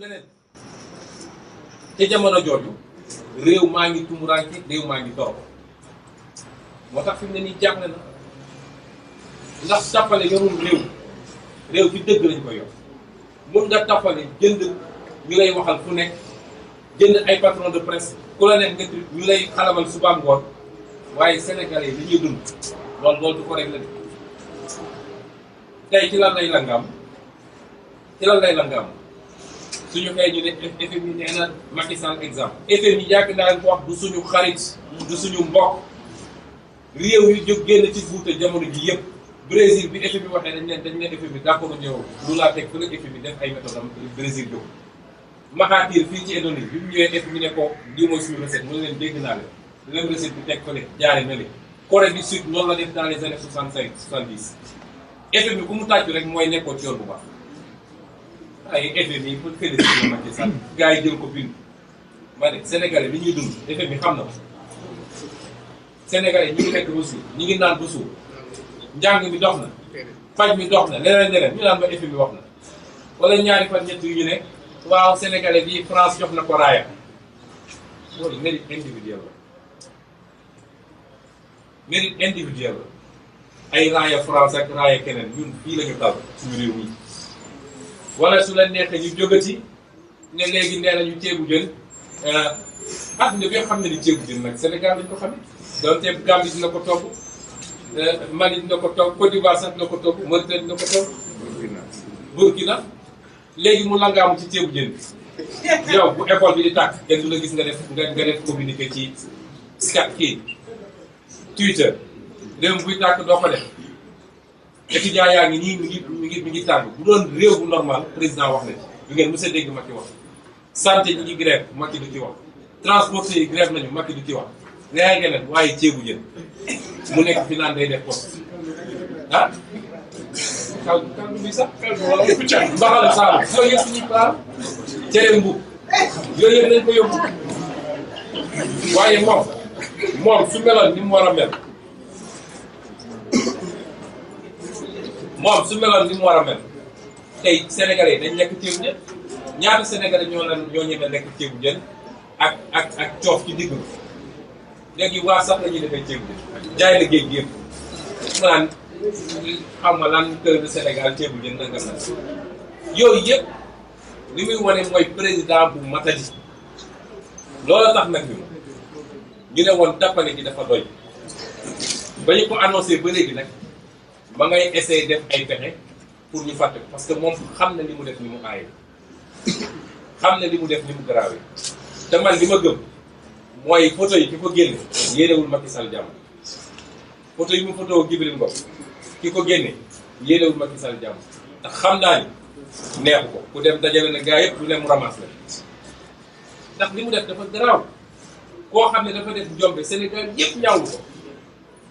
leneen te jamono jooju réew maa ngi tumuraanke réew maa ngi torop moo tax fi ne nii jaaxle na ndax tappale yorum réew réew bi dëgg lañ ko yor mun nga tappale jënd ñu lay waxal fu ne jënd ay patron de presse ku leneen nekk nga ñu lay xalamal suba ngoon waaye sénégalais yi li ñuy dund loolu loolu du ko rek la de tey ci lan lay langaam ci lan lay langaam suñu xëy ñu ne FMI nee na Macky Sall exemple FMI yàgg naa ko wax du suñu xarit du suñu mbokk réew yi jóg génn ci fuuta jamono ji yëpp Brésil bi FMI waxee dañ ne dañ ne FMI d'accord ñëw lu laa teg fële FMI def ay méthode am Brésil jóg Mahathir fii ci Indonésie bi mu ñëwee FMI ne ko lii mooy suñu recette mu ne leen dégg naa leen même recette bi teg fële jaare na leen Corée du Sud noonu la def dans les années soixante cinq soixante dix FMI ku mu tàccu rek mooy nekkoon ci yoon bu baax ay FMI yi pour féliciter Macky Sall gars yi jël ko bind. ma ne Sénégalais li ñuy dund FMI xam na ko Sénégalais ñu ngi lekk ba ñu ngi naan ba suur njàng mi dox na faj mi dox na leneen leneen ñu naan ba FMI wax na wala ñaari fan ñett yu ñu ne waaw Sénégalais bii France jox na ko raaya loolu mérite individuel la ay raaya France ak raaya keneen ñun fii la ñu dal suñu réew mi. wala su la neexee ñu jógati ne léegi nee nañu ceebu jën euh, adduna bi xam ne ni ceebu jën nag Sénégal lañ ko xam donte Gambie dina ko togg euh, Mali dina ko togg Côte d'Ivoire sax dina ko togg Mauritanie dina ko togg Burkina léegi mu langaamu ci ceebu jën bi yow bu école bi di tàkk kenn du la gis nga def nga def communiqué ci Skype kii Twitter dem buy tàkk doo ko étudiant yaa ngi nii mi ngi mi ngi mi bu doon réew bu normal président wax na yu ngeen mës a dégg Macky wax santé ñi ngi grève Macky du ci wax transporteurs yi grève nañu Macky du ci wax leneen geneen waaye ceebu jën mu nekk fi naan day def poste ah kal kal bi sax mbaxal saalum yooyu yëpp suñuy paar cere waaye moom moom su meloon ni mu war a moom su meloon ni mu war a mel tey sénégalais dañ nekk ceebu jën ñaata sénégalais ñoo lan ñoo ñemee lekk ceebu jën ak ak coof ci digg léegi waa sax la ñuy defee ceebu jën jaay la géej gi yëpp mu naan xam nga lan kër de Sénégal ceebu jën nanga na yooyu yëpp li muy wane mooy président bu matadi loolu tax nag ñu ñu ne woon tappale gi dafa doy ba ñu ko annoncé ba léegi nag ma ngay essayer def ay pexe pour ñu fàtte ko parce que moom xam na li mu def ni mu aaye xam na li mu def ni mu garaawee te man li ma gëm mooy photo yi ki ko génne yéenewul Macky Sall jàmm photo yi mu photo Djibril Ngom ki ko génne yéenewul Macky Sall jàmm ndax xam naa ni neexu ko ku dem dajale na gaa yëpp lu ne mu ramas la ndax li mu def dafa garaaw koo xam ne dafa def njombe Sénégal yëpp ñaawlu ko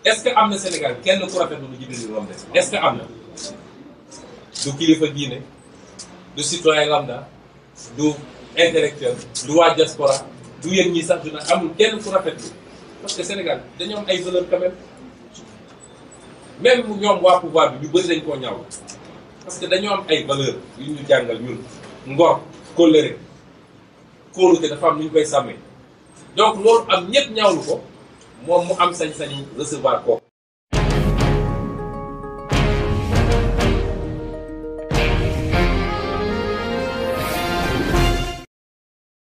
est-ce que am na Sénégal kenn ku rafetlu lu Djibril Ngom def est-ce que am na du kilifa diine du citoyen lambda du intellectuel du waa diaspora du yéen ñi sax du nag amul kenn ku rafetlu parce que Sénégal dañoo am ay valeur quand même même ñoom waa pouvoir bi ñu bëri dañ koo ñaaw parce que dañoo am ay valeur yu ñu jàngal ñun ngor kóllëre kóolute dafa am nu ñu koy sàmmee donc loolu am ñëpp ñaawlu ko moom mu am sañ-sañu recevoir kooku